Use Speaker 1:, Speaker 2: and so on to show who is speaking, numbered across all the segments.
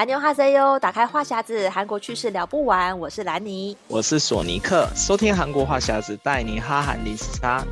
Speaker 1: 藍牛哈塞喲，打開話匣子，韓國趣事聊不完。我是蘭妮，
Speaker 2: 我是索尼客。收聽韓國話匣子，帶你哈韓零時差。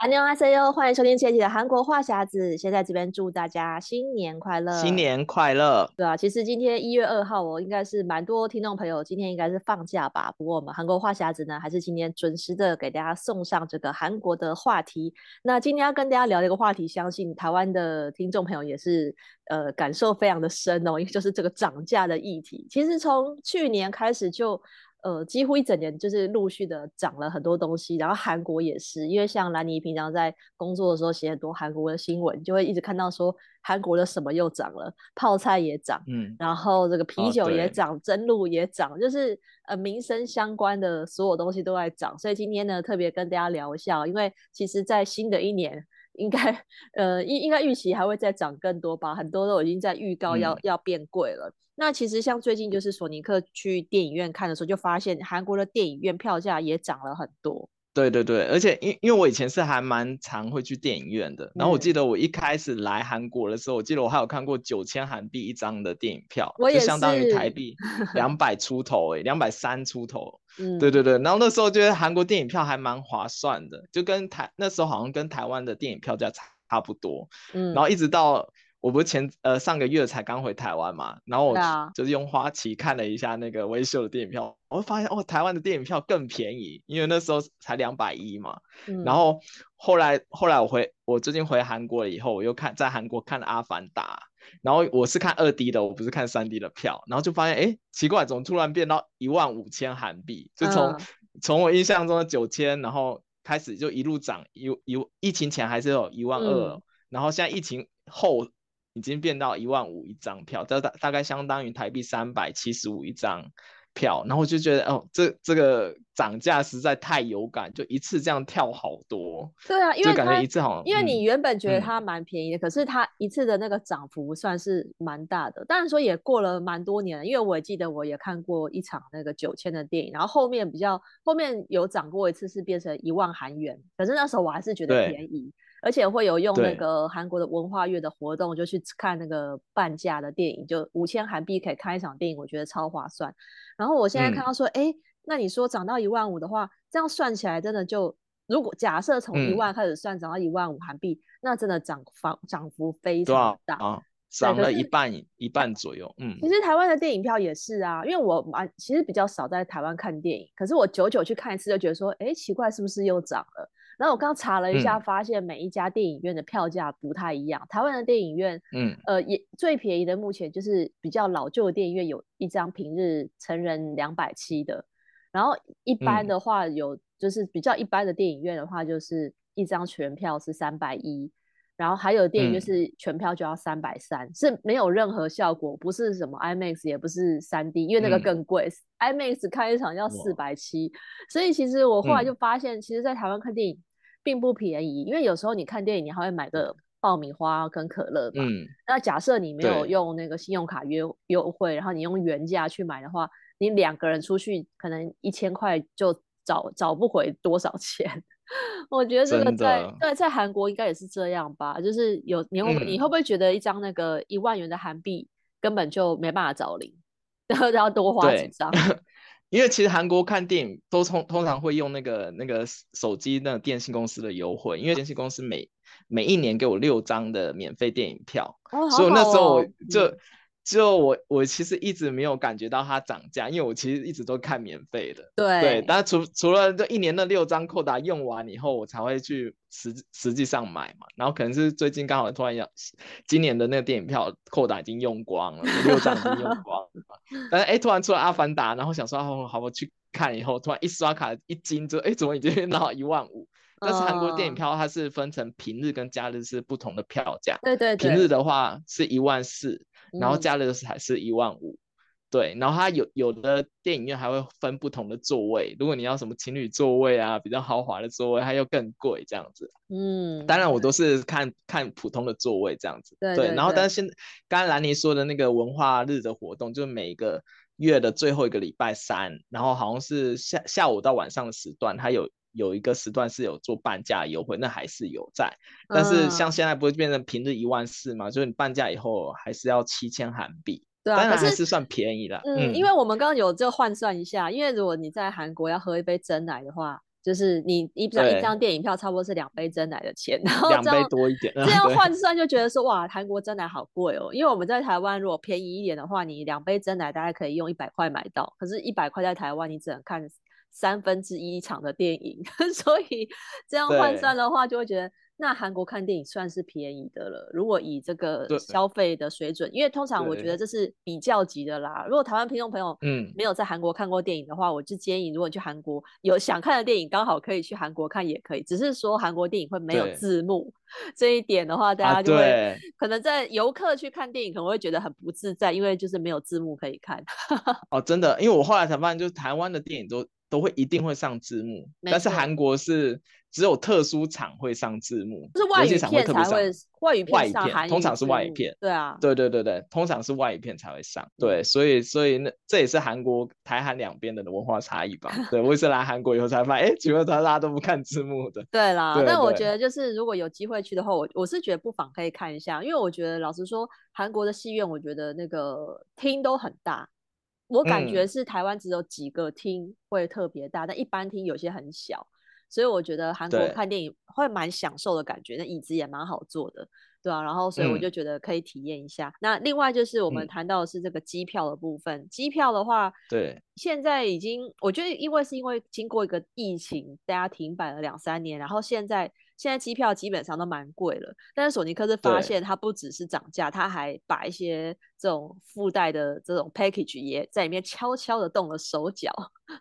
Speaker 1: Hello，I C U，歡迎收聽今天的韓國話匣子。現在，在這邊祝大家新年快樂，新年
Speaker 2: 快樂。
Speaker 1: 對啊，其實今天一月二號，哦，我應該是蠻多聽眾朋友今天應該是放假吧。不過我們韓國話匣子呢，還是今天準時的給大家送上這個韓國的話題。那今天要跟大家聊一個話題，相信台灣的聽眾朋友也是呃感受非常的深哦，因為就是這個漲價的議題。其實從去年開始就。呃，幾乎一整年就是陸續的漲了很多東西，然後韓國也是，因為像蘭尼平常在工作的時候寫很多韓國的新聞，就會一直看到說韓國的什麼又漲了，泡菜也漲，嗯，然後這個啤酒也漲，真、啊、露也漲，就是呃民生相關的所有東西都在漲，所以今天呢特別跟大家聊一下、哦，因為其實在新的一年應該呃應應該預期還會再漲更多吧，很多都已經在預告要、嗯、要變貴了。那其實像最近就是索尼客去電影院看的時候，就發現韓國的電影院票價也漲了很多。
Speaker 2: 對對對，而且因因為我以前是還蠻常會去電影院的、嗯。然後我記得我一開始來韓國的時候，我記得我還有看過九千韓幣一張的電影票，就相當於台幣兩百 出頭，誒，兩百三出頭。嗯，對對對。然後那時候覺得韓國電影票還蠻划算的，就跟台那時候好像跟台灣的電影票價差不多。嗯，然後一直到。我不是前呃上個月才剛回台灣嘛，然後我就是用花旗看了一下那個威秀的電影票，啊、我就發現哦，台灣的電影票更便宜，因為那時候才兩百一嘛、嗯。然後後來後來我回我最近回韓國了以後，我又看在韓國看《阿凡達》，然後我是看二 D 的，我不是看三 D 的票，然後就發現誒奇怪，怎麼突然變到一萬五千韓幣？就從、嗯、從我印象中的九千，然後開始就一路漲，一一疫情前還是有一萬二、嗯，然後現在疫情後。已經變到一萬五一張票，大大大概相當於台幣三百七十五一張票，然後我就覺得，哦，這這個。漲價實在太有感，就一次這樣跳好多。對啊，因為就感覺一次好、嗯、因為你
Speaker 1: 原本覺得它蠻便宜的，嗯、可是它一次的那個漲幅算是蠻大的。當然說也過了蠻多年了，因為我也記得我也看過一場那個九千的電影，然後後面比較後面有漲過一次，是變成一萬韓元。可是那時候我還是覺得便宜，而且會有用那個韓國的文化月的活動，就去看那個半價的電影，就五千韓幣可以看一場電影，我覺得超划算。然後我現在看到說，哎、嗯。那你說漲到一萬五的話，這樣算起來真的就，如果假設從一萬開始算漲到一萬五韓幣、嗯，那真的漲漲漲幅非常大，啊
Speaker 2: 哦、漲了一半一半左右。嗯，其
Speaker 1: 實台灣的電影票也是啊，因為我蠻其實比較少在台灣看電影，可是我久久去看一次就覺得說，誒奇怪是不是又漲了？然後我剛查了一下，發現每一家電影院的票價不太一樣。嗯、台灣的電影院，嗯，呃，也最便宜的目前就是比較老舊的電影院有一張平日成人兩百七的。然後一般的話，有就是比較一般的電影院的話，就是一張全票是三百一，然後還有電影就是全票就要三百三，是沒有任何效果，不是什麼 IMAX，也不是 3D，因為那個更貴。嗯、IMAX 開一場要四百七，所以其實我後來就發現，嗯、其實，在台灣看電影並不便宜，因為有時候你看電影，你還會買個爆米花跟可樂吧。嗯。那假設你沒有用那個信用卡約優惠，然後你用原價去買的話。你兩個人出去，可能一千塊就找找不回多少錢。我覺得這個在在對、在韓國應該也是這樣吧，就是有你會、嗯、你會不會覺得一張那個一萬元的韓幣根本就沒辦法找零，然 後要多花幾張？
Speaker 2: 因為其實韓國看電影都通通常會用那個那個手機那電信公司的優惠，因為電信公司每每一年給我六張的免費電影票，哦好好哦、所以那時候我就。嗯就我我其實一直沒有感覺到它漲價，因為我其實一直都看免費的，對，對，但是除除了這一年的六張扣打用完以後，我才會去實實際上買嘛。然後可能是最近剛好突然要今年的那個電影票扣打已經用光了，六張已經用光了。 但是哎，突然出了阿凡達，然後想說、哦、好好我去看，以後突然一刷卡一驚，就哎怎麼已經用到一萬五？但是韓國電影票、嗯、它是分成平日跟假日是不同的票價，對對，對，平日的話是一萬四。然後加的才是一萬五、嗯，對。然後它有有的電影院還會分不同的座位，如果你要什麼情侶座位啊，比較豪華的座位，它又更貴這樣子。
Speaker 1: 嗯，當然
Speaker 2: 我都是看看普通的座位這樣子。
Speaker 1: 對，對，對，然後但是
Speaker 2: 現在，剛剛蘭妮說的那個文化日的活動，就是每一個月的最後一個禮拜三，然後好像是下下午到晚上的時段，它有。有一個時段是有做半價優惠，那還是有在，但是像現在不會變成平日一萬四嘛，嗯、就是你半價以後還是要七千韓幣，對啊，可是是算便宜的、嗯。嗯，因為
Speaker 1: 我們剛剛有這個換算一下，因為如果你在韓國要喝一杯珍奶的話，就是你一張電影票差不多是兩杯珍奶的錢，然後兩杯多
Speaker 2: 一點，這樣換
Speaker 1: 算就覺得說哇，韓國珍奶好貴哦。因為我們在台灣如果便宜一點的話，你兩杯珍奶大概可以用一百塊買到，可是，一百塊在台灣你只能看。三分之一,一場的電影，所以這樣換算的話，就會覺得那韓國看電影算是便宜的了。如果以這個消費的水準，因為通常我覺得這是比較級的啦。如果台灣聽眾朋友嗯沒有在韓國看過電影的話，嗯、我就建議如果去韓國有想看的電影，剛好可以去韓國看也可以， 只是說韓國電影會沒有字幕這一點的話，大家就會、啊、對，可能在遊客去看電影可能會覺得很不自在，因為就是沒有字幕可以看。
Speaker 2: 哦，真的，因為我後來才發現，就是台灣的電影都。都會一定會上字幕，但是韓國是只有特殊場會上字幕，就是外語片才
Speaker 1: 會外語片，外語片語通常是外語片，
Speaker 2: 對啊，對對對對，通常是外語片才會上，對，嗯、所以所以那這也是韓國台韓兩邊的文化差異吧？對，我 也是來韓國以後才發現，哎，居然大、大家都不看字幕的。對啦對對，但我覺得
Speaker 1: 就是如果有機會去的話，我我是覺得不妨可以看一下，因為我覺得老實說，韓國的戲院我覺得那個廳都很大。
Speaker 2: 我感覺是
Speaker 1: 台灣只有幾個廳會特別大，嗯，但一般廳有些很小，所以我覺得韓國看電影會蠻享受的感覺，那椅子也蠻好坐的。啊，然後所以我就覺得可以體驗一下、嗯。那另外就是我們談到的是這個機票的部分。嗯、機票的話，對，現在已經我覺得，因為是因為經過一個疫情，大家停擺了兩三年，然後現在現在機票基本上都蠻貴了。但是索尼客是發現，他不只是漲價，他還把一些這種附帶的這種 package 也在裡面悄悄的動了手腳。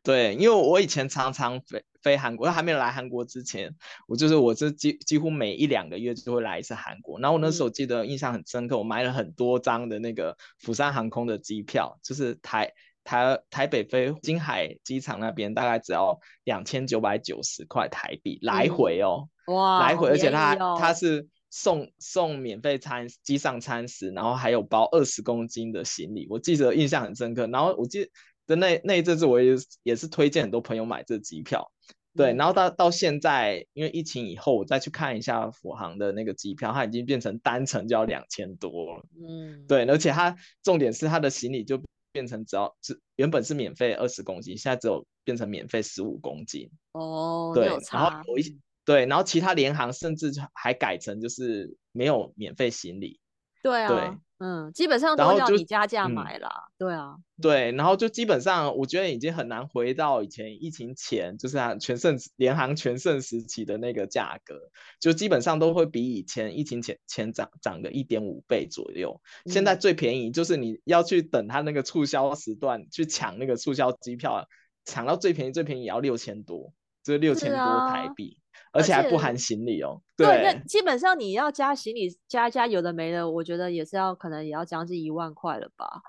Speaker 2: 對，因為我以前常常飛韓國，我還沒有來韓國之前，我就是我這幾幾乎每一兩個月就會來一次韓國。然後我那時候記得印象很深刻，嗯、我買了很多張的那個釜山航空的機票，就是台台台北飛金海機場那邊，大概只要兩千九百九十塊台幣、嗯，來回哦，
Speaker 1: 哇，來回，而且他它，它
Speaker 2: 是送送免費餐機上餐食，然後還有包二十公斤的行李，我記得印象很深刻。然後我記得那那一陣子，我也是也是推薦很多朋友買這機票。對，然後到到現在，因為疫情以後，我再去看一下福航的那個機票，它已經變成單程就要兩千多了。嗯，對，而且它重點是它的行李就變成只要只原本是免費二十公斤，現在只有變成免費十五公斤。
Speaker 1: 哦，對，然後我一
Speaker 2: 對，然後其他聯航甚至還改成就是沒有免費行李。
Speaker 1: 對啊。對。嗯，基本上都要你加價買了、嗯，
Speaker 2: 對啊，對，然後就基本上，我覺得已經很難回到以前疫情前，就是全盛聯航全盛時期的那個價格，就基本上都會比以前疫情前前漲漲個一點五倍左右、嗯。現在最便宜就是你要去等他那個促銷時段去搶那個促銷機票，搶到最便宜最便宜也要六千多，就是六千多台幣、啊，而且還不含行李哦。對，那基
Speaker 1: 本上你要加行李，加一加有的沒的，我覺得也是要可能也要將近一萬塊了吧。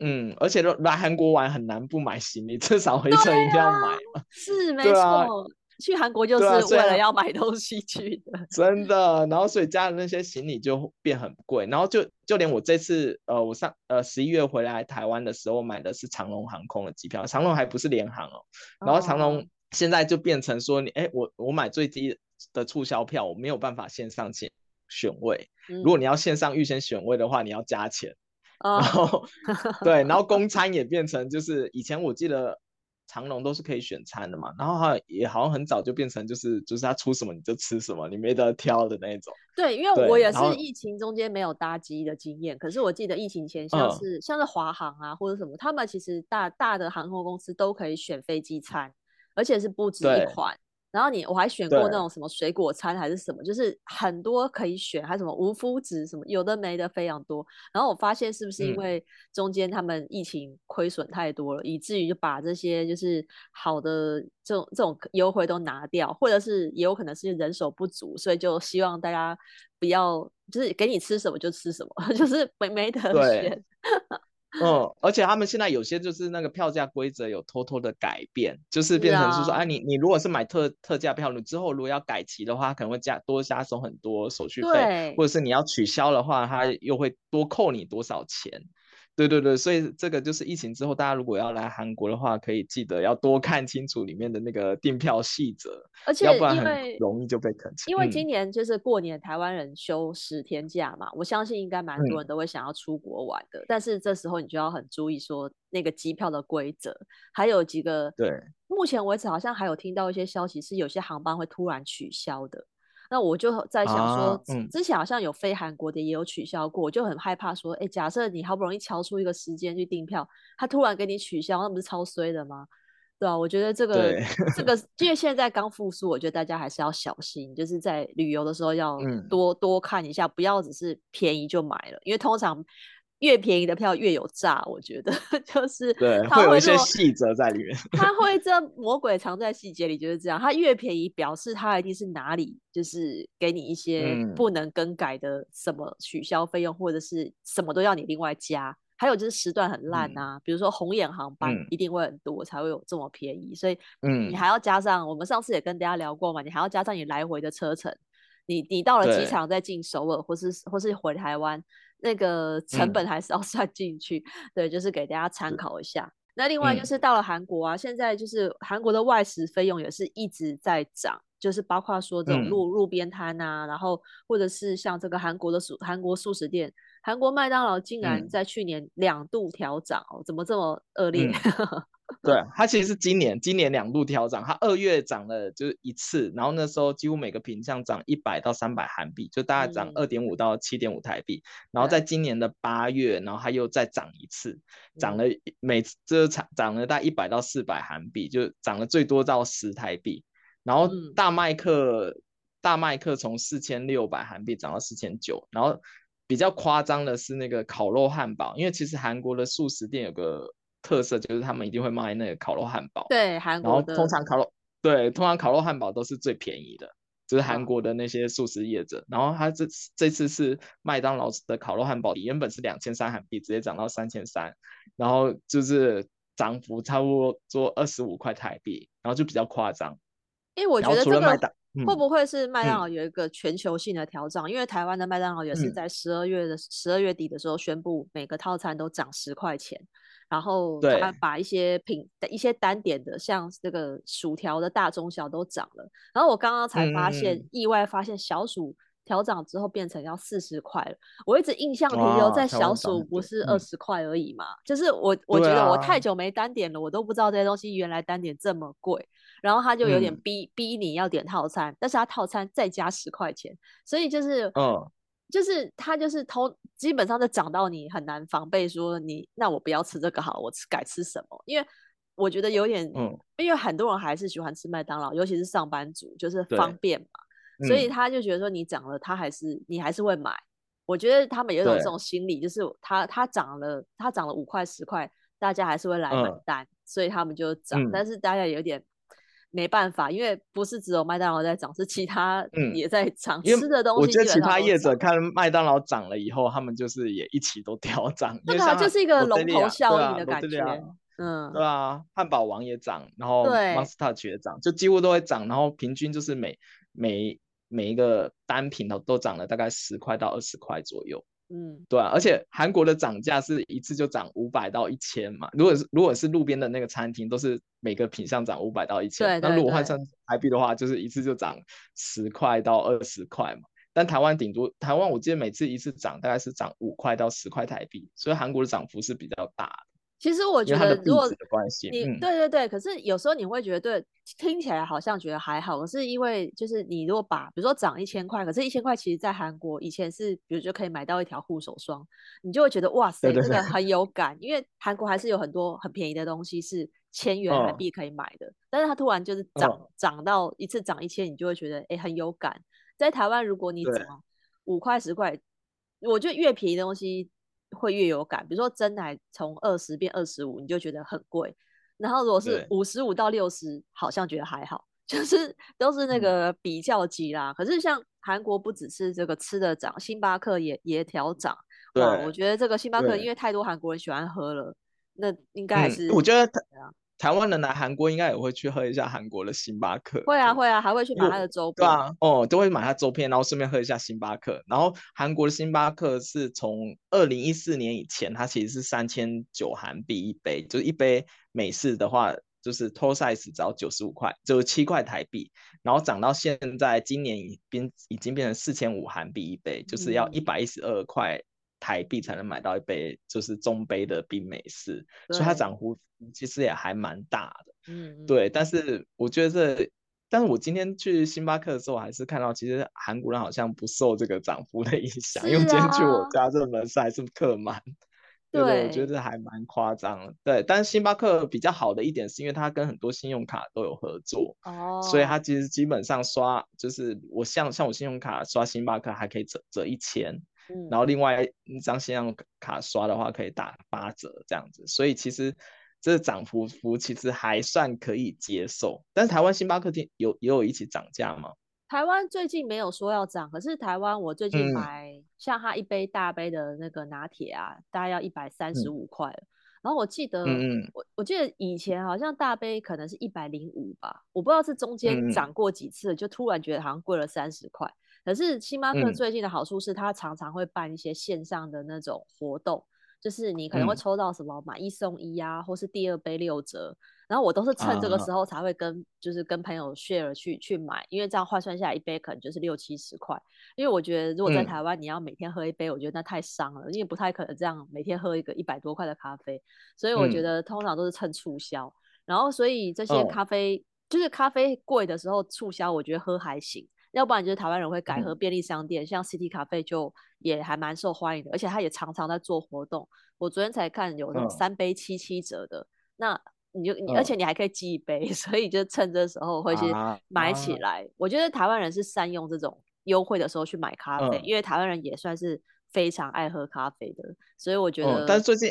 Speaker 2: 嗯，而且來韓國玩很難不買行李，至少回程一定要買、啊、是，沒錯、
Speaker 1: 啊。去韓國就是、啊、為了要買東
Speaker 2: 西去的，真的。然後所以加的那些行李就變很貴，然後就就連我這次呃，我上呃十一月回來台灣的時候我買的是長龍航空的機票，長龍還不是廉航哦。然後長龍現在就變成說你哎、哦，我我買最低的。的促銷票我沒有辦法線上選選位、嗯，如果你要線上預先選位的話，你要加錢。嗯、
Speaker 1: 然後
Speaker 2: 對，然後公餐也變成就是以前我記得長榮都是可以選餐的嘛，然後也好像很早就變成就是就是他出什麼你就吃什麼，你沒得挑的那種。
Speaker 1: 對，對因為我也是疫情中間沒有搭機的經驗，可是我記得疫情前像是、嗯、像是華航啊或者什麼，他們其實大大的航空公司都可以選飛機餐，嗯、而且是不止一款。然後你我還選過那種什麼水果餐還是什麼，就是很多可以選，還是什麼無麩質什麼有的沒的非常多。然後我發現是不是因為中間他們疫情虧損太多了，嗯、以至於就把這些就是好的這種這種優惠都拿掉，或者是也有可能是人手不足，所以就希望大家不要就是給你吃什麼就吃什麼， 就是沒沒得選。
Speaker 2: 嗯，而且他們現在有些就是那個票價規則有偷偷的改變，就是變成是說，哎、啊啊，你你如果是買特特價票，你之後如果要改期的話，可能會加多加收很多手續費，或者是你要取消的話，它又會多扣你多少錢。啊對對對，所以這個就是疫情之後，大家如果要來韓國的話，可以記得要多看清楚裡面的那個訂票細則，而且要不然很容易就被坑。因為，因為今
Speaker 1: 年就是過年，台灣人休十天假嘛，嗯，我相信應該蠻多人都會想要出國玩的，嗯。但是這時候你就要很注意說那個機票的規則，還有幾個。對，目前為止好像還有聽到一些消息是有些航班會突然取消的。那我就在想說，之前好像有飛韓國的也有取消過，我、啊嗯、就很害怕說，欸、假設你好不容易敲出一個時間去訂票，他突然給你取消，那不是超衰的嗎？對啊，我覺得這個這個，因為現在剛復甦， 我覺得大家還是要小心，就是在旅遊的時候要多、嗯、多看一下，不要只是便宜就買了，因為通常。越便宜的票越有詐，我覺得就是
Speaker 2: 對，會有一些細則在裡面。
Speaker 1: 他會，這魔鬼藏在細節裡，就是這樣。他越便宜，表示他一定是哪裡就是給你一些不能更改的什麼取消費用、嗯，或者是什麼都要你另外加。還有就是時段很爛啊，嗯、比如說紅眼航班一定會很多才會有這麼便宜。嗯、所以，嗯，你還要加上，我們上次也跟大家聊過嘛，你還要加上你來回的車程，你你到了機場再進首爾，或是或是回台灣。那個成本還是要算進去、嗯， 對，就是給大家參考一下。那另外就是到了韓國啊、嗯，現在就是韓國的外食費用也是一直在漲，就是包括說這種路路邊攤啊、嗯，然後或者是像這個韓國的速、韓國速食店。韓國麥當勞竟然，在去年兩度調漲、哦嗯、怎麼這麼惡劣？嗯、
Speaker 2: 對，他其實是今年，今年兩度調漲，他二月漲了就一次，然後那時候幾乎每個品項漲一百到三百韓幣，就大概漲二點五到七點五台幣、嗯。然後在今年的八月，然後他又再漲一次，嗯、漲了每這漲漲了大概一百到四百韓幣，就漲了最多到十台幣。然後大麥克、嗯、大麥克從四千六百韓幣漲到四千九，然後。比較誇張的是那個烤肉漢堡，因為其實韓國的速食店有個特色，就是他們一定會賣那個烤肉漢堡。
Speaker 1: 對，韓國的。然後通常
Speaker 2: 烤肉，對，通常烤肉漢堡都是最便宜的，就是韓國的那些速食業者。嗯、然後他這這次是麥當勞的烤肉漢堡，原本是兩千三韓幣，直接漲到三千三，然後就是漲幅差不多做二十五塊台幣，然後就比較誇張。
Speaker 1: 因為我覺得賣、這個。會不會是麥當勞有一個全球性的調漲、嗯？因為台灣的麥當勞也是在十二月的十二、嗯、月底的時候宣布，每個套餐都漲十塊錢、嗯，然後他還把一些品、一些單點的，像這個薯條的大、中、小都漲了。然後我剛剛才發現，嗯、意外發現小薯調漲之後變成要四十塊了。我一直印象停留在小薯不是二十塊而已嘛，嗯、就是我我覺得我太久沒單點了，啊、我都不知道這些東西原來單點這麼貴。然後他就有點逼、嗯、逼你要點套餐，但是他套餐再加十塊錢，所以就是
Speaker 2: 嗯、
Speaker 1: 哦，就是他就是偷，基本上就漲到你很難防備，說你，那我不要吃這個好了，我吃改吃什麼？因為我覺得有點，嗯，因為很多人還是喜歡吃麥當勞，尤其是上班族，就是方便嘛，所以他就覺得說你漲了，他還是你還是會買。我覺得他們有一種這種心理，就是他他漲了，他漲了五塊十塊，大家還是會來買單，嗯、所以他們就漲、嗯，但是大家有點。沒辦法，因為不是只有麥當勞在漲，是其他也在漲、嗯。吃的東西，我覺得其他業
Speaker 2: 者看麥當勞漲了以後，他們就是也一起都調漲。那個就是一個龍頭效應的感覺。啊、嗯，對啊，漢堡王也漲，然後 Mom's Touch 也漲，就幾乎都會漲。然後平均就是每每每一個單品都都漲了大概十塊到二十塊左右。嗯，對啊，而且韓國的漲價是一次就漲五百到一千嘛。如果是如果是路邊的那個餐廳，都是每個品項漲五百到一千。對。那如果換算台幣的話，就是一次就漲十塊到二十塊嘛。但台灣頂多台灣，我記得每次一次漲大概是漲五塊到十塊台幣，所以韓國的漲幅是比較大的。
Speaker 1: 其實我覺得，如果你、嗯、你對對對，可是有時候你會覺得，對，聽起來好像覺得還好。可是因為就是你如果把，比如說漲一千塊，可是一千塊其實，在韓國以前是，比如就可以買到一條護手霜，你就會覺得哇塞，這個很有感，因為韓國還是有很多很便宜的東西是千元韓幣可以買的。哦，但是它突然就是漲、哦、漲到一次漲一千，你就會覺得哎很有感。在台灣如果你漲五塊十塊，我覺得越便宜的東西。會越有感，比如說珍奶從二十變二十五，你就覺得很貴。然後如果是五十五到六十，好像覺得還好，就是都是那個比較級啦。嗯、可是像韓國不只是這個吃的漲，星巴克也也調漲。我覺得這個星巴克因為太多韓國人喜歡喝了，那應該還是、嗯、我覺
Speaker 2: 得台灣人來韓國應該也會去喝一下韓國的星巴克，會
Speaker 1: 啊，對會啊，還會去買它的周邊。對
Speaker 2: 啊，哦、嗯，都會買它周邊，然後順便喝一下星巴克。然後韓國的星巴克是從二零一四年以前，它其實是三千九韓幣一杯，就一杯美式的話，就是 tall size 只要九十五塊，就是七塊台幣。然後漲到現在，今年已經已經變成四千五韓幣一杯，嗯，就是要一百一十二塊。台幣才能買到一杯，就是中杯的冰美式，所以它漲幅其實也還蠻大的。嗯，嗯，對。但是我覺得這，但是我今天去星巴克的時候，還是看到其實韓國人好像不受這個漲幅的影響、啊，因為今天去我家這門市還是客滿。對，我覺得還蠻誇張。對，但是星巴克比較好的一點，是因為它跟很多信用卡都有合作，哦，所以它其實基本上刷，就是我像像我信用卡刷星巴克還可以折折一千。嗯、然後另外一張信用卡刷的話可以打八折這樣子，所以其實這漲幅幅其實還算可以接受。但是台灣星巴克店有也有一起漲價嗎？
Speaker 1: 台灣最近沒有說要漲，可是台灣我最近買像它一杯大杯的那個拿鐵啊，嗯、大概要一百三十五塊了、嗯、然後我記得、嗯、我我記得以前好像大杯可能是一百零五吧，我不知道是中間漲過幾次、嗯，就突然覺得好像貴了三十塊。可是星巴克最近的好處是，他常常會辦一些線上的那種活動，嗯、就是你可能會抽到什麼、嗯、買一送一啊，或是第二杯六折。然後我都是趁這個時候才會跟、啊、就是跟朋友 share 去、啊、去買，因為這樣換算下來一杯可能就是六七十塊。因為我覺得如果在台灣你要每天喝一杯，嗯、我覺得那太傷了，因為不太可能這樣每天喝一個一百多塊的咖啡。所以我覺得通常都是趁促銷、嗯，然後所以這些咖啡、哦、就是咖啡貴的時候促銷，我覺得喝還行。要不然就是台灣人會改喝便利商店，嗯、像 City 咖啡就也還蠻受歡迎的，而且他也常常在做活動。我昨天才看有三杯七七折的，嗯、那你就你、嗯，而且你還可以寄一杯，所以就趁這時候回去買起來。啊啊、我覺得台灣人是善用這種優惠的時候去買咖啡，嗯、因為台灣人也算是非常愛喝咖啡的，所以我覺得。嗯嗯、但是最
Speaker 2: 近，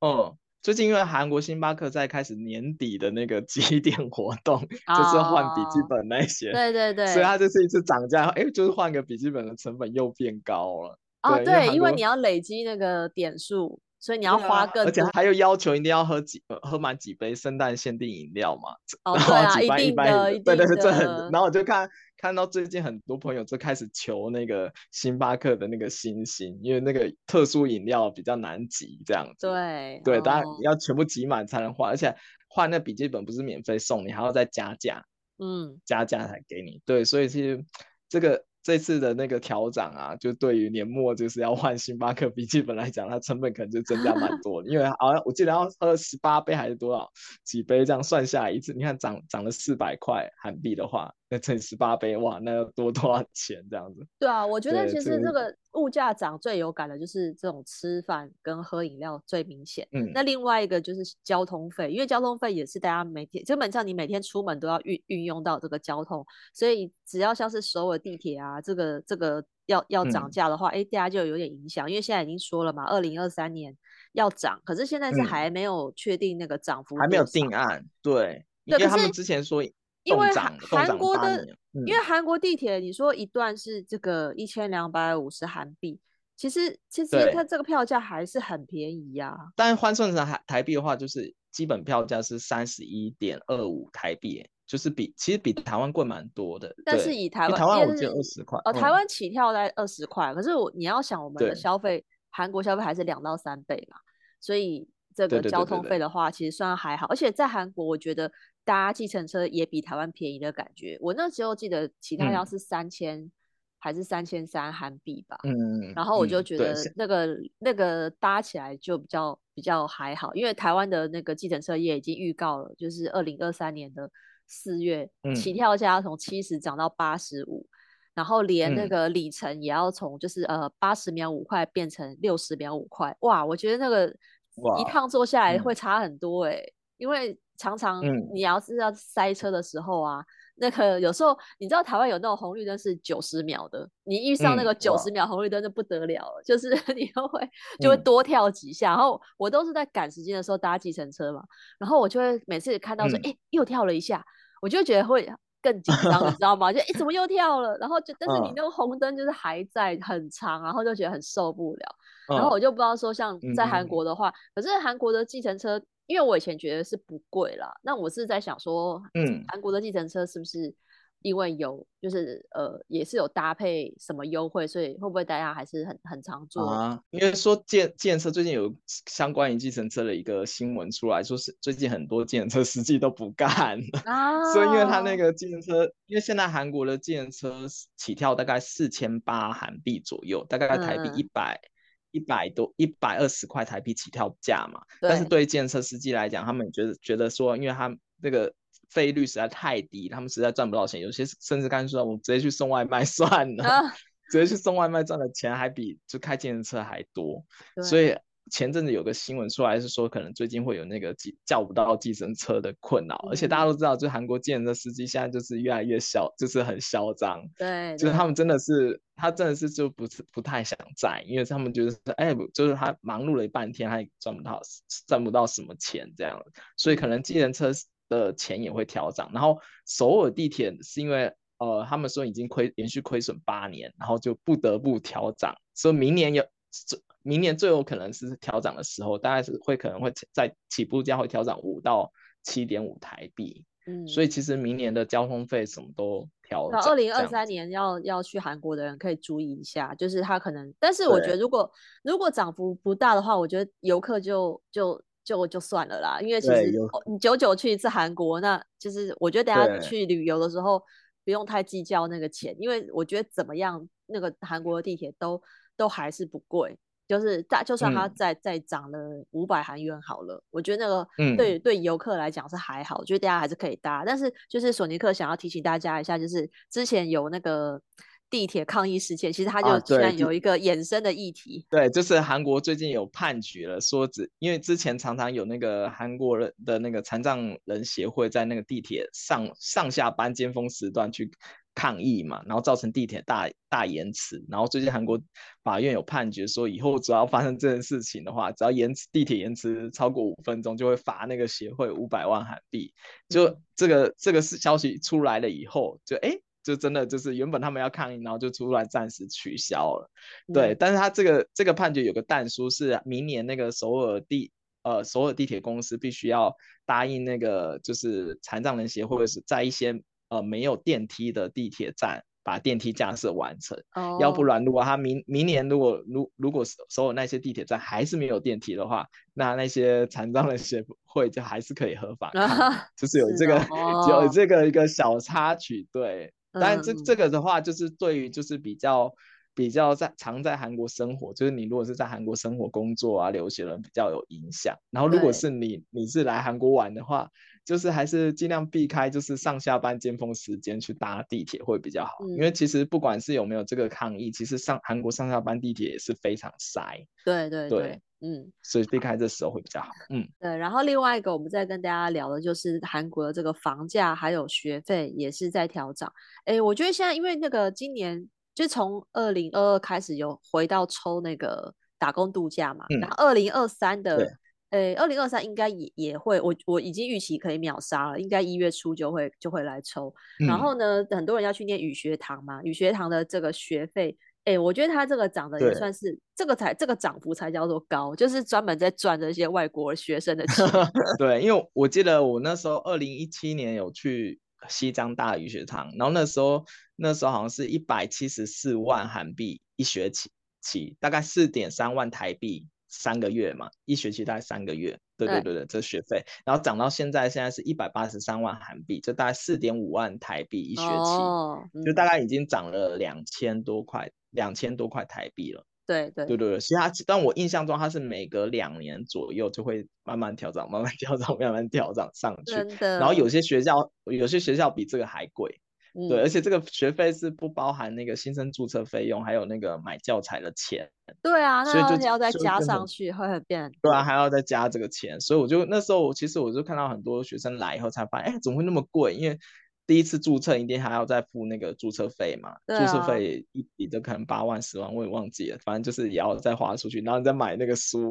Speaker 2: 嗯。嗯最近因為韓國星巴克在開始年底的那個積點活動，oh， 就是換筆記本那些，對對對，所以它就是一次漲價，哎、欸，就是換個筆記本的成本又變高了。啊、oh，對，因為你要
Speaker 1: 累積那個點數，所以你要花更多，而且還
Speaker 2: 有要求一定要喝幾喝滿幾杯聖誕限定飲料嘛。哦、oh，對啊，一,一定的對對對，這很，然後我就看。看到最近很多朋友就開始求那個星巴克的那個星星，因為那個特殊飲料比較難擠，這樣子。
Speaker 1: 對對，大家
Speaker 2: 要全部擠滿才能換，哦，而且換那筆記本不是免費送你，還要再加價。嗯，加價才給你，嗯。對，所以其實這個這次的那個調漲啊，就對於年末就是要換星巴克筆記本來講，它成本可能就增加蠻多， 因為好像我記得要喝十八杯還是多少幾杯這樣算下來一次，你看漲漲了四百塊韓幣的話，那乘十八倍，哇，那要多多少錢這樣子？
Speaker 1: 對啊，我覺得其實這個物價漲最有感的就是這種吃飯跟喝飲料最明顯。嗯，那另外一個就是交通費，因為交通費也是大家每天基本上你每天出門都要運運用到這個交通，所以只要像是首爾地鐵啊，這個這個要要漲價的話，誒、嗯、大家就有點影響，因為現在已經說了嘛，二零二三年要漲，可是現在是還沒有確定那個漲幅，還沒有
Speaker 2: 定案對。對，因為他們之前說。因為韓韓國的、嗯，因
Speaker 1: 為韓國地鐵，你說一段是這個一千兩百五十韓幣，其實其實它這個票價還是很便宜啊。
Speaker 2: 但換算成台幣的話，就是基本票價是三十一點二五台幣，就是比其實比台灣貴蠻多的。但是以台灣，台灣我只有二十塊哦，台灣
Speaker 1: 起跳在二十塊、嗯、塊。可是我你要想我們的消費，韓國消費還是兩到三倍嘛，所以這個交通費的話，其實算還好。對對對對對對。而且在韓國，我覺得。搭計程車也比台灣便宜的感覺，我那時候記得起跳價是三千，嗯、還是三千三韓幣吧。嗯，然後我就覺得那個、嗯、那個搭起來就比較比較還好，因為台灣的那個計程車也已經預告了，就是二零二三年的四月，嗯、起跳價要從七十漲到八十五，然後連那個里程也要從就是，嗯、呃八十秒五塊變成六十秒五塊。哇，我覺得那個一趟坐下來會差很多哎，欸嗯，因為。常常，你要是要塞車的時候啊，嗯、那個有時候你知道台灣有那種紅綠燈是九十秒的，你遇上那個九十秒紅綠燈就不得了了，嗯、就是你都會、嗯、就會多跳幾下。然後我都是在趕時間的時候搭計程車嘛，然後我就會每次看到說，哎、嗯欸，又跳了一下，我就覺得會更緊張、嗯，你知道嗎？就哎、欸，怎麼又跳了？ 然後就但是你那個紅燈就是還在很長，然後就覺得很受不了。嗯、然後我就不知道說像在韓國的話，嗯、可是韓國的計程車。因為我以前覺得是不貴啦，那我是在想說，嗯，韓國的計程車是不是因為有就是呃也是有搭配什麼優惠，所以會不會大家還是很很常坐？啊，
Speaker 2: 因為說計計程車，最近有相關於計程車的一個新聞出來說是最近很多計程車司機都不幹
Speaker 1: 啊， 所以因為他那
Speaker 2: 個計程車，因為現在韓國的計程車起跳大概四千八韓幣左右，大概台幣一百，嗯。一百多、一百二十塊台幣起跳價嘛，但是對建設司機來講，他們也覺得覺得說，因為他那個費率實在太低，他們實在賺不到錢，有些甚至乾脆說，我直接去送外賣算了，哦，直接去送外賣賺的錢還比就開建設車還多，所以。前陣子有個新聞出來，是說可能最近會有那個叫不到計程車的困擾、嗯，而且大家都知道，就韓國計程車司機現在就是越來越囂，就是很囂張。對，就是他們真的是，他真的是就不是不太想載，因為他們覺、就、得、是，哎、欸，就是他忙碌了一半天，他也賺不到賺不到什麼錢這樣，所以可能計程車的錢也會調漲。然後首爾地鐵是因為，呃，他們說已經虧連續虧損八年，然後就不得不調漲，所以明年有。嗯明年最有可能是調漲的時候，大概是會可能會在起步價會調漲五到七點五台幣，嗯，所以其實明年的交通費什麼都調。那二零二三
Speaker 1: 年要要去韓國的人可以注意一下，就是他可能，但是我覺得如果如果漲幅不大的話，我覺得遊客就就就就，就算了啦，因為其實你久久去一次韓國，那就是我覺得等下去旅遊的時候不用太計較那個錢，因為我覺得怎麼樣那個韓國的地鐵都都還是不貴。就是，大，就算它再再漲了五百韓元好了，嗯，我覺得那個對、嗯、對，對遊客來講是還好，我覺得大家還是可以搭。但是就是索尼克想要提醒大家一下，就是之前有那個地鐵抗議事件，其實它就、啊、現在有一個衍生的議題對。
Speaker 2: 對，就是韓國最近有判決了，說只因為之前常常有那個韓國人的那個殘障人協會在那個地鐵上上下班尖峰時段去。抗議嘛，然後造成地鐵大大延遲，然後最近韓國法院有判決說，以後只要發生這件事情的話，只要延遲地鐵延遲超過五分鐘，就會罰那個協會五百萬韓幣。就這個這個消息出來了以後，就哎，就真的就是原本他們要抗議，然後就出來暫時取消了。對，但是他這個這個判決有個但書是明年那個首爾地呃，首爾地鐵公司必須要答應那個就是殘障人協會，是在一些。呃，沒有電梯的地鐵站把電梯架設完成，oh. 要不然，如果他明明年如果如如果所有那些地鐵站還是沒有電梯的話，那那些殘障的協會就還是可以合法， 就是有這個、 oh. 有這個一個小插曲，對。但這這個的話，就是對於就是比較比較在常在韓國生活，就是你如果是在韓國生活、工作啊、留學人比較有影響。然後，如果是你你是來韓國玩的話。就是還是盡量避開就是上下班尖峰時間去搭地鐵會比較好。嗯，因為其實不管是有沒有這個抗議，其實上韓國上下班地鐵也是非常塞。對
Speaker 1: 對對，對，
Speaker 2: 嗯，所以避開這時候會比較好，好。
Speaker 1: 嗯，對。然後另外一個我們再跟大家聊的就是韓國的這個房價還有學費也是在調漲。哎、欸，我覺得現在因為那個今年就從二零二二開始有回到抽那個打工度假嘛，嗯、然後二零二三的。呃，二零二三應該也也會，我我已經預期可以秒殺了，應該一月初就會就會來抽、嗯。然後呢，很多人要去念語學堂嘛，語學堂的這個學費，哎、欸，我覺得它這個漲得，也算是這個才這個漲幅才叫做高，就是專門在賺這些外國學生的錢。
Speaker 2: 對，因為我，我記得我那時候二零一七年有去西江大語學堂，然後那時候那時候好像是一百七十四萬韓幣一學期起，大概四點三萬台幣三個月嘛，一學期大概三個月。對對對對，對這學費，然後漲到現在，現在是一百八十三萬韓幣，就大概四點五萬台幣一學期，哦，就大概已經漲了兩千多塊，兩千多塊、嗯、兩千多塊台幣
Speaker 1: 了。對對
Speaker 2: 對對，其實它，但我印象中它是每隔兩年左右就會慢慢調整，慢慢調整，慢慢調整上去。然後有些學校，有些學校比這個還貴。對，而且這個學費是不包含那個新生注冊費用，還有那個買教材的錢。嗯、
Speaker 1: 對啊，那就是要再加上去很，會
Speaker 2: 很變。對啊，還要再加這個錢。所以我就那時候，其實我就看到很多學生來以後，才發現，哎、欸，怎麼會那麼貴？因為第一次注冊一定還要再付那個注冊費嘛，注冊費一筆就可能八萬十萬，我也忘記了，反正就是也要再花出去，然後你再買那個書，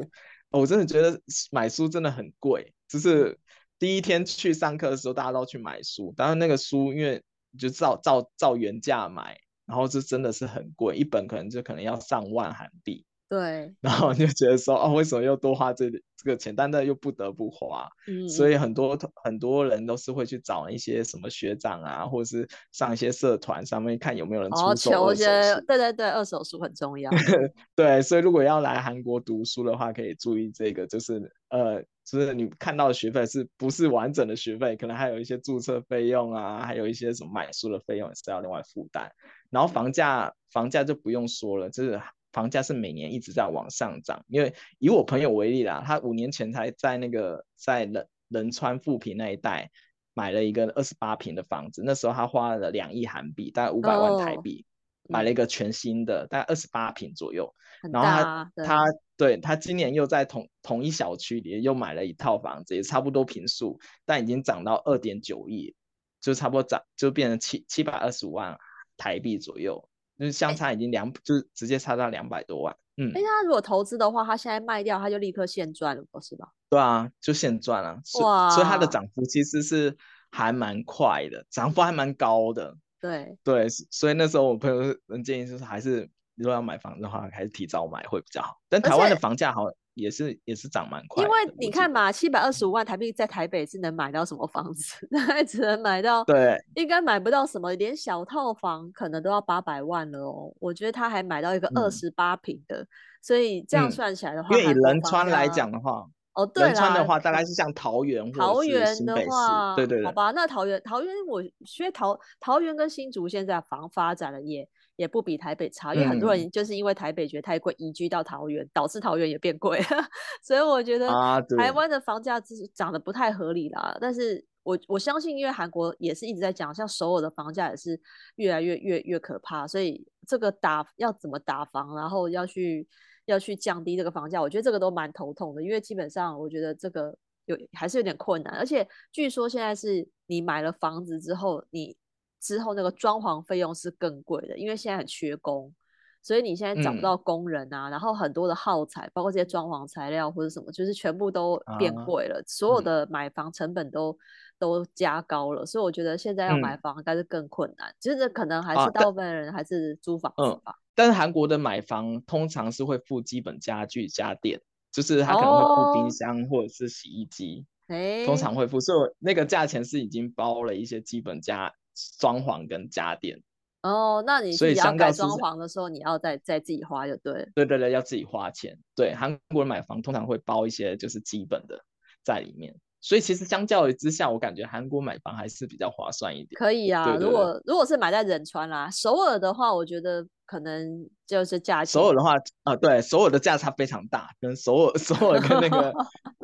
Speaker 2: 哦、我真的覺得買書真的很貴。就是第一天去上課的時候，大家都要去買書，當然那個書因為。就照照照原價買，然後這真的是很貴，一本可能就可能要上萬韓幣。對，然後就覺得說啊、哦，為什麼又多花這這個錢？但那又不得不花，嗯、所以很多很多人都是會去找一些什麼學長啊，或者是上一些社團上面看有沒有人出售。我覺
Speaker 1: 得對對對，二手書很重
Speaker 2: 要。 對，所以如果要來韓國讀書的話，可以注意這個，就是呃，就是你看到的學費是不是完整的學費？可能還有一些註冊費用啊，還有一些什麼買書的費用也是要另外負擔。然後房價，嗯、房價就不用說了，就是。房價是每年一直在往上漲，因為以我朋友為例啦，他五年前才在那個在仁仁川富平那一帶買了一個二十八坪的房子，那時候他花了兩億韓幣，大概五百萬台幣，哦，買了一個全新的，嗯、大概二十八坪左右。
Speaker 1: 然後他、啊、對他
Speaker 2: 對他今年又在同同一小區裡又買了一套房子，也差不多坪數，但已經漲到二點九億，就差不多漲就變成七七百二十五萬台幣左右。就是相差已經兩、欸，就是直接差到兩百多萬，
Speaker 1: 嗯、欸。那他如果投資的話，他現在賣掉，他就立刻現賺了，不是吧？
Speaker 2: 對啊，就現賺了、啊。哇！所以，所以他的漲幅其實是還蠻快的，漲幅還蠻高的。對對，所以那時候我朋友建議就是，還是如果要買房的話，還是提早買會比較好。但台灣的房價好，也是也是漲蠻快的，因
Speaker 1: 為你看嘛，七百二十五萬台幣在台北是能買到什麼房子？大、嗯、概 只能買到對，應該買不到什麼，連小套房可能都要八百萬了哦。我覺得他還買到一個二十八平的，嗯，所以這樣算起來的話，嗯，因為以仁川來講
Speaker 2: 的話，哦對啦，仁川的話大概是像桃園或者是，桃園的話，對對對，好吧，
Speaker 1: 那桃園桃園我學桃桃園跟新竹現在房發展了耶。也不比台北差，因為很多人就是因為台北覺得太貴，嗯、移居到桃園，導致桃園也變貴， 所以我覺得台灣的房價漲得不太合理啦。啊、但是我我相信，因為韓國也是一直在講，像首爾的房價也是越來越越越可怕，所以這個打要怎麼打房，然後要去要去降低這個房價，我覺得這個都蠻頭痛的，因為基本上我覺得這個有還是有點困難，而且據說現在是你買了房子之後，你。之後那個裝潢費用是更貴的，因為現在很缺工，所以你現在找不到工人啊。嗯、然後很多的耗材，包括這些裝潢材料或者什麼，就是全部都變貴了，啊、所有的買房成本都、嗯、都加高了。所以我覺得現在要買房應該是更困難，嗯、就是可能還是大部分人還
Speaker 2: 是租房子吧。啊、但是、嗯、韓國的買房通常是會付基本家具家電，就是他可能會付冰箱、哦、或者是洗衣機、
Speaker 1: 哎，通常
Speaker 2: 會付，所以那個價錢是已經包了一些基本家。裝潢跟家電
Speaker 1: 哦，oh, 那你所以相比裝潢的時候，你要再再自己花就對。
Speaker 2: 對對對，要自己花錢。對，韓國人買房通常會包一些，就是基本的在裡面。所以其實相較於之下，我感覺韓國買房還是比較划算一點。可以啊，對對對，如果
Speaker 1: 如果是買在仁川啦，啊，首爾的話，我覺得可能就是價。首爾
Speaker 2: 的話啊，對，首爾的價差非常大，跟首爾首爾跟那個，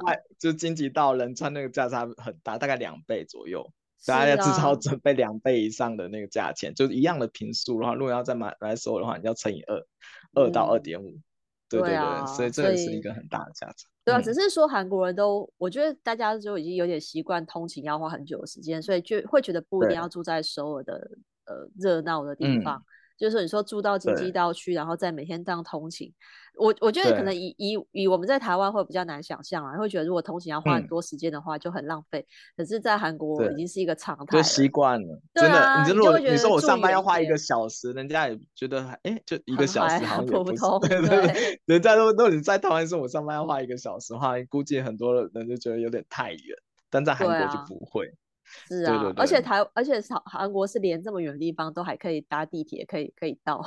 Speaker 2: 哎， 就京畿道仁川那個價差很大，大概兩倍左右。大家至少準備兩倍以上的那個價錢。是啊、就是一樣的坪數，然後如果要再買，買來首爾的話，你要乘以二，二到二點五，對對對，對啊、所以這也是一個很大的價值，嗯。
Speaker 1: 對啊，只是說韓國人都，我覺得大家就已經有點習慣通勤要花很久的時間，所以就會覺得不一定要住在首爾的呃熱鬧的地方。嗯就是說，你說住到京畿道去，然後再每天這樣通勤，我我覺得可能以以以我們在台灣會比較難想象啊，會覺得如果通勤要花很多時間的話，就很浪費。可是，在韓國已經是一個常態，對就
Speaker 2: 習慣了。真的，你，就你如果你說我上班要花一個小時，啊、人家也覺得哎、欸，就一個小時好像不夠。對對對， 人家都都你在台灣說我上班要花一個小時的話，估計很多人就覺得有點太遠，但在韓國就不會。是啊對對對，而且台
Speaker 1: 而且韓國是連這麼遠的地方都還可以搭地鐵，可以可以到。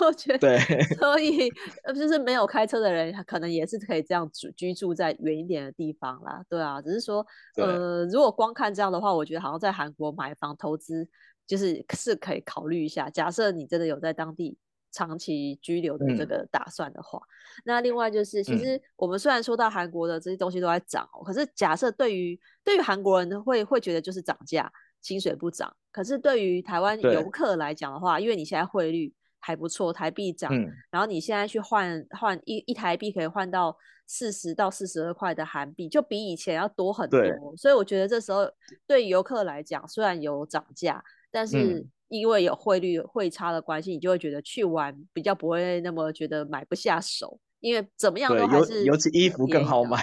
Speaker 1: 我覺得，對所以呃，就是沒有開車的人，可能也是可以這樣住居住在遠一點的地方啦。對啊，只是說，呃，如果光看這樣的話，我覺得好像在韓國買房投資，就是是可以考慮一下。假設你真的有在當地，長期居留的這個打算的話，嗯，那另外就是，其實我們雖然說到韓國的這些東西都在漲，喔嗯，可是假設對於對於韓國人會會覺得就是漲價，薪水不漲。可是對於台灣遊客來講的話，因為你現在匯率還不錯，台幣漲，嗯，然後你現在去換換一一台幣可以換到四十到四十二塊的韓幣，就比以前要多很多。所以我覺得這時候對於遊客來講，雖然有漲價，但是。嗯因為有匯率匯差的關係，你就會覺得去玩比較不會那麼覺得買不下手，因為怎麼樣都有的話是，尤其衣服更好買，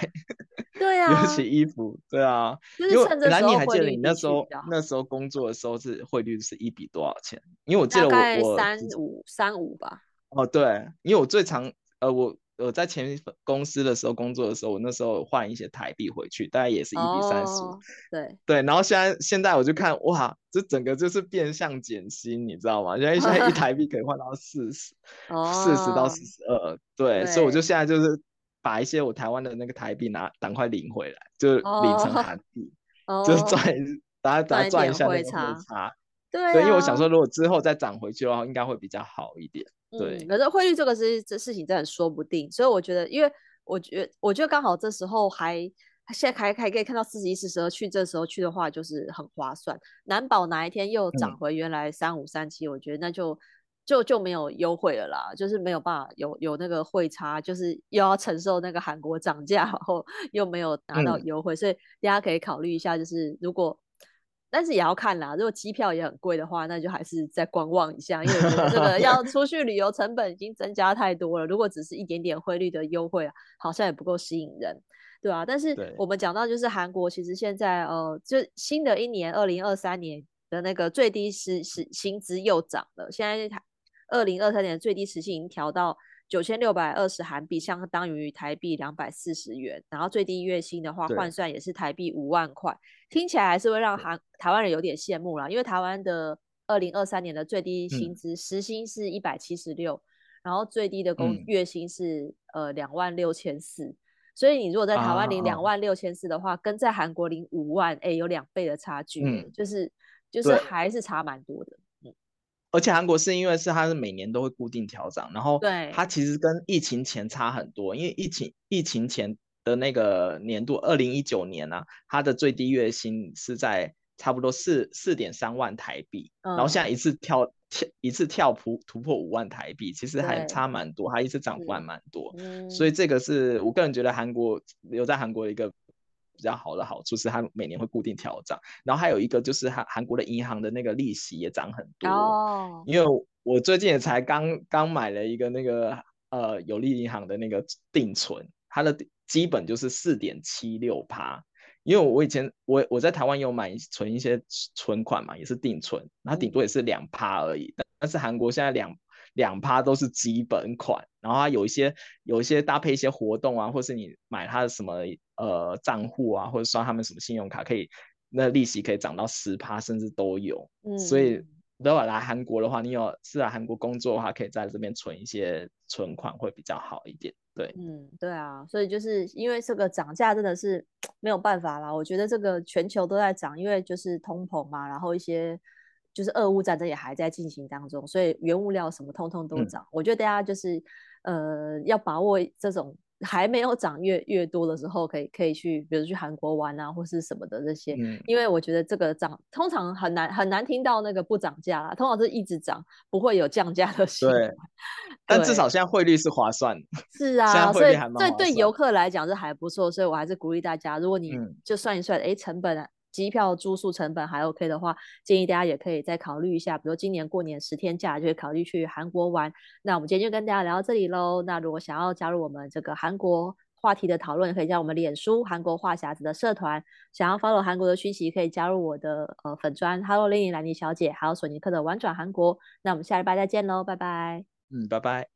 Speaker 2: 對啊， 尤其衣服，對啊，就是趁着。來，你還記得那時候那時候工作的時候是匯率是一比多少錢？因為我記得我大概三五
Speaker 1: 我三五吧，
Speaker 2: 哦對，因為我最常呃我。我在前公司的時候工作的時候，我那時候換一些台幣回去，大概也是一比三十、oh,。對對，然後現在現在我就看，哇，這整個就是變相減薪，你知道嗎？因為現在一台幣可以換到四十，
Speaker 1: 四十到四
Speaker 2: 十二。對，所以我就現在就是把一些我台灣的那個台幣拿趕快領回來，就是領成韓幣、
Speaker 1: oh,，就是賺
Speaker 2: 大家大家賺一下那個差、oh,。
Speaker 1: 對，啊、對，因為我想說，如
Speaker 2: 果之後再漲回去的話，應該會比較好一點。對，嗯、
Speaker 1: 可是匯率這個是這事情真的說不定，所以我覺得，因為我覺得我覺得剛好這時候還現在還還可以看到四十一四十二去，這時候去的話就是很划算，難保哪一天又漲回原來三五三七，嗯、我覺得那就就就沒有優惠了啦，就是沒有辦法有有那個匯差，就是又要承受那個韓國漲價，然後又沒有拿到優惠，嗯、所以大家可以考慮一下，就是如果。但是也要看啦，如果機票也很貴的話，那就還是再觀望一下，因為這個要出去旅遊成本已經增加太多了。 如果只是一點點匯率的優惠啊，好像也不夠吸引人，對啊，但是我們講到就是韓國，其實現在呃，就新的一年二零二三年的那個最低時薪資又漲了，現在它二零二三年的最低時薪已經調到，九千六百二十韓幣相當於台幣兩百四十元，然後最低月薪的話換算也是台幣五萬塊，聽起來還是會讓韓台灣人有點羨慕啦，因為台灣的二零二三年的最低薪資時、嗯、薪是一百七十六，然後最低的工月薪是、嗯、呃兩萬六千四，264，所以你如果在台灣領兩萬六千四的話，啊啊啊跟在韓國領五萬，哎，有兩倍的差距，嗯、就是就是還是差蠻多的。
Speaker 2: 而且韓國是因為是它是每年都會固定調整，然後對，它其實跟疫情前差很多，因為疫情疫情前的那個年度二零一九年呢、啊，它的最低月薪是在差不多四四點三萬台幣、嗯，然後現在一次跳跳一次跳撲，突破五萬台幣，其實還差蠻多，它一次漲幅還蠻多，所以這個是我個人覺得韓國留在韓國的一個。比較好的好處是它每年會固定調漲，然後還有一個就是韓韓國的銀行的那個利息也漲很多，oh. 因為我最近也才剛剛買了一個那個呃有利銀行的那個定存，它的基本就是四點七六趴，因為我以前我我在台灣有買存一些存款嘛，也是定存，然後頂多也是兩趴而已，但是韓國現在兩。兩趴都是基本款，然後它有一些有一些搭配一些活動啊，或是你買它的什麼呃賬戶啊，或者刷他們什麼信用卡，可以那利息可以漲到十趴甚至都有。嗯，所以如果來韓國的話，你有是來韓國工作的話，可以在這邊存一些存款會比較好一點。對，嗯，
Speaker 1: 對啊，所以就是因為這個漲價真的是沒有辦法啦。我覺得這個全球都在漲，因為就是通膨嘛，然後一些。就是俄烏戰爭也還在進行當中，所以原物料什麼通通都漲。嗯。我覺得大家就是，呃，要把握這種還沒有漲越越多的時候，可以可以去，比如去韓國玩啊，或是什麼的這些。嗯，因為我覺得這個漲通常很難很難聽到那個不漲價啦，通常是一直漲，不會有降價的情況。
Speaker 2: 對，但至少現在匯率是划算。是啊，現
Speaker 1: 在匯率還蠻划算，所以，所以對對遊客來講是還不錯，所以我還是鼓勵大家，如果你就算一算，哎，嗯，成本，啊。機票、住宿成本還 OK 的話，建議大家也可以再考慮一下，比如今年過年十天假，就可以考慮去韓國玩。那我們今天就跟大家聊到這裡嘍。那如果想要加入我們這個韓國話題的討論，可以加我們臉書韓國話匣子的社團；想要 follow 韓國的訊息，可以加入我的呃粉專，哈囉，Linny 蘭妮小姐，還有索尼克的玩轉韓國。那我們下禮拜再見嘍，拜拜。
Speaker 2: 嗯，拜拜。